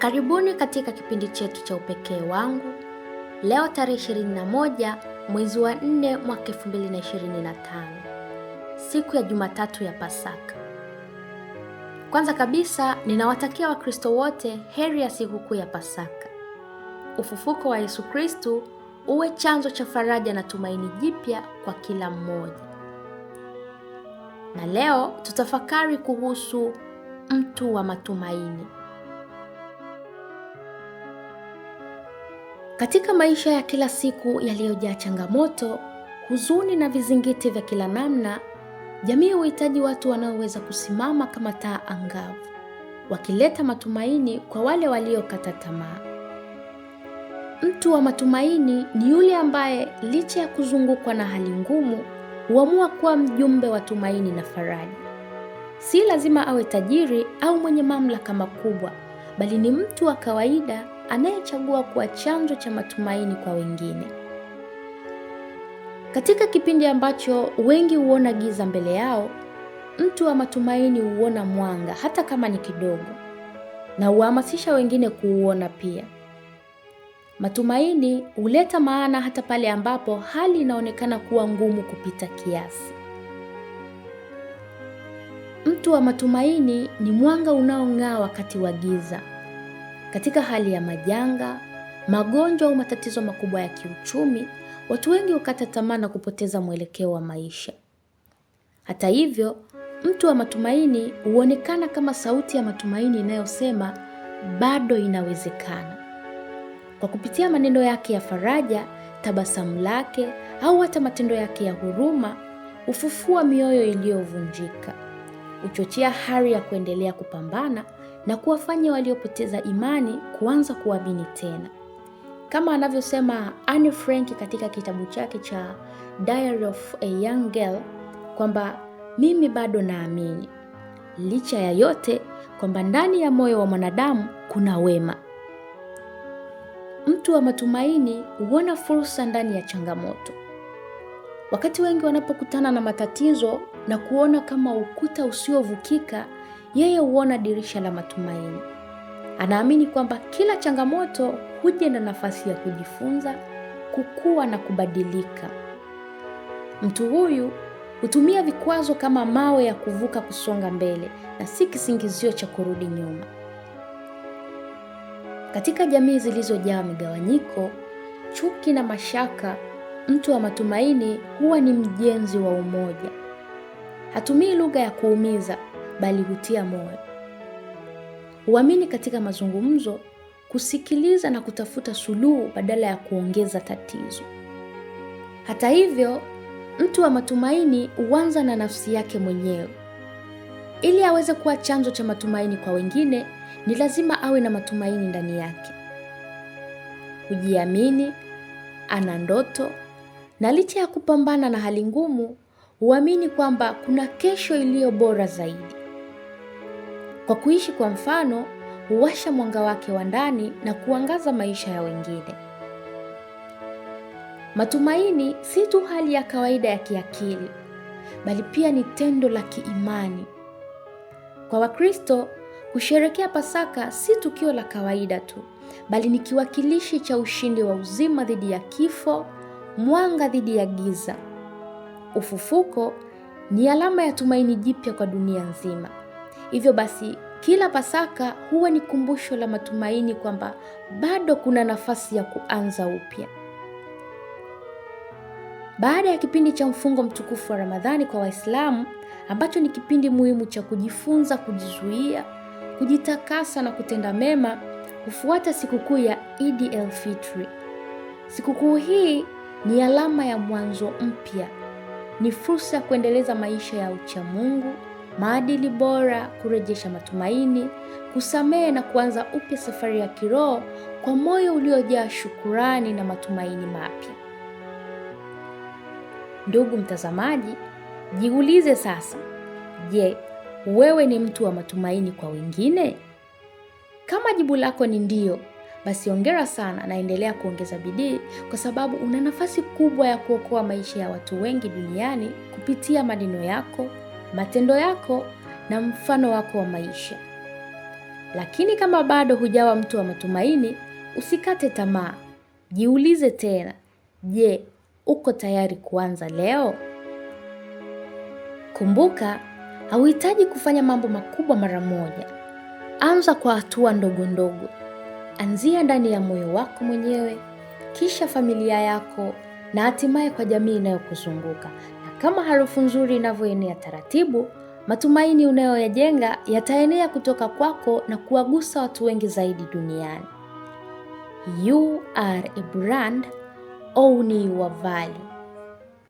Karibuni katika kipindi chetu cha Upekee wangu. Leo tarehe 21 mwezi wa 4 mwaka 2025, siku ya Jumatatu ya Pasaka. Kwanza kabisa ninawatakia Wakristo wote heri ya sikukuu ya Pasaka. Ufufuko wa Yesu Kristu uwe chanzo cha faraja na tumaini jipya kwa kila mmoja. Na leo tutafakari kuhusu mtu wa matumaini. Katika maisha ya kila siku yaliyojaa changamoto, huzuni na vizingiti vya kila namna, jamii huhitaji watu wanaoweza kusimama kama taa angavu, wakileta matumaini kwa wale waliokata tamaa. Mtu wa matumaini ni yule ambaye licha ya kuzungukwa na hali ngumu, huamua kuwa mjumbe wa tumaini na faraja. Si lazima awe tajiri au mwenye mamlaka makubwa, bali ni mtu wa kawaida anayechagua kuwa chanzo cha matumaini kwa wengine. Katika kipindi ambacho wengi huona giza mbele yao, mtu wa matumaini huona mwanga hata kama ni kidogo, na huhamasisha wengine kuuona pia. Matumaini huleta maana hata pale ambapo hali inaonekana kuwa ngumu kupita kiasi. Mtu wa matumaini ni mwanga unaong'aa wakati wa giza. Katika hali ya majanga, magonjwa au matatizo makubwa ya kiuchumi, watu wengi hukata tamaa na kupoteza mwelekeo wa maisha. Hata hivyo, mtu wa matumaini huonekana kama sauti ya matumaini inayosema bado inawezekana. Kwa kupitia maneno yake ya faraja, tabasamu lake au hata matendo yake ya huruma, hufufua mioyo iliyovunjika, huchochea hari ya kuendelea kupambana na kuwafanya waliopoteza imani kuanza kuamini tena, kama anavyosema Anne Frank katika kitabu chake cha Diary of a Young Girl kwamba mimi bado naamini licha ya yote, kwamba ndani ya moyo wa mwanadamu kuna wema. Mtu wa matumaini huona fursa ndani ya changamoto. Wakati wengi wanapokutana na matatizo na kuona kama ukuta usiovukika yeye huona dirisha la matumaini. Anaamini kwamba kila changamoto huja na nafasi ya kujifunza, kukua na kubadilika. Mtu huyu hutumia vikwazo kama mawe ya kuvuka kusonga mbele na si kisingizio cha kurudi nyuma. Katika jamii zilizojaa migawanyiko, chuki na mashaka, mtu wa matumaini huwa ni mjenzi wa umoja. Hatumii lugha ya kuumiza bali hutia moyo. huamini katika mazungumzo, kusikiliza na kutafuta suluhu badala ya kuongeza tatizo. Hata hivyo, mtu wa matumaini huanza na nafsi yake mwenyewe. Ili aweze kuwa chanzo cha matumaini kwa wengine, ni lazima awe na matumaini ndani yake. Hujiamini, ana ndoto na licha ya kupambana na hali ngumu, huamini kwamba kuna kesho iliyo bora zaidi. Kwa kuishi kwa mfano, huwasha mwanga wake wa ndani na kuangaza maisha ya wengine. Matumaini si tu hali ya kawaida ya kiakili, bali pia ni tendo la kiimani. Kwa Wakristo, kusherekea Pasaka si tukio la kawaida tu, bali ni kiwakilishi cha ushindi wa uzima dhidi ya kifo, mwanga dhidi ya giza. Ufufuko ni alama ya tumaini jipya kwa dunia nzima. Hivyo basi kila Pasaka huwa ni kumbusho la matumaini kwamba bado kuna nafasi ya kuanza upya. Baada ya kipindi cha mfungo mtukufu wa Ramadhani kwa Waislamu, ambacho ni kipindi muhimu cha kujifunza kujizuia, kujitakasa na kutenda mema, hufuata sikukuu ya Idi el Fitri. Sikukuu hii ni alama ya mwanzo mpya, ni fursa ya kuendeleza maisha ya uchamungu maadili bora, kurejesha matumaini, kusamehe na kuanza upya safari ya kiroho kwa moyo uliojaa shukurani na matumaini mapya. Ndugu mtazamaji, jiulize sasa, je, wewe ni mtu wa matumaini kwa wengine? Kama jibu lako ni ndiyo, basi ongera sana na endelea kuongeza bidii, kwa sababu una nafasi kubwa ya kuokoa maisha ya watu wengi duniani kupitia maneno yako matendo yako na mfano wako wa maisha. Lakini kama bado hujawa mtu wa matumaini, usikate tamaa. Jiulize tena, je, uko tayari kuanza leo? Kumbuka, hauhitaji kufanya mambo makubwa mara moja. Anza kwa hatua ndogo ndogo. Anzia ndani ya moyo wako mwenyewe, kisha familia yako na hatimaye kwa jamii inayokuzunguka. Kama harufu nzuri inavyoenea taratibu, matumaini unayoyajenga yataenea kutoka kwako na kuwagusa watu wengi zaidi duniani. You are a brand, own your value.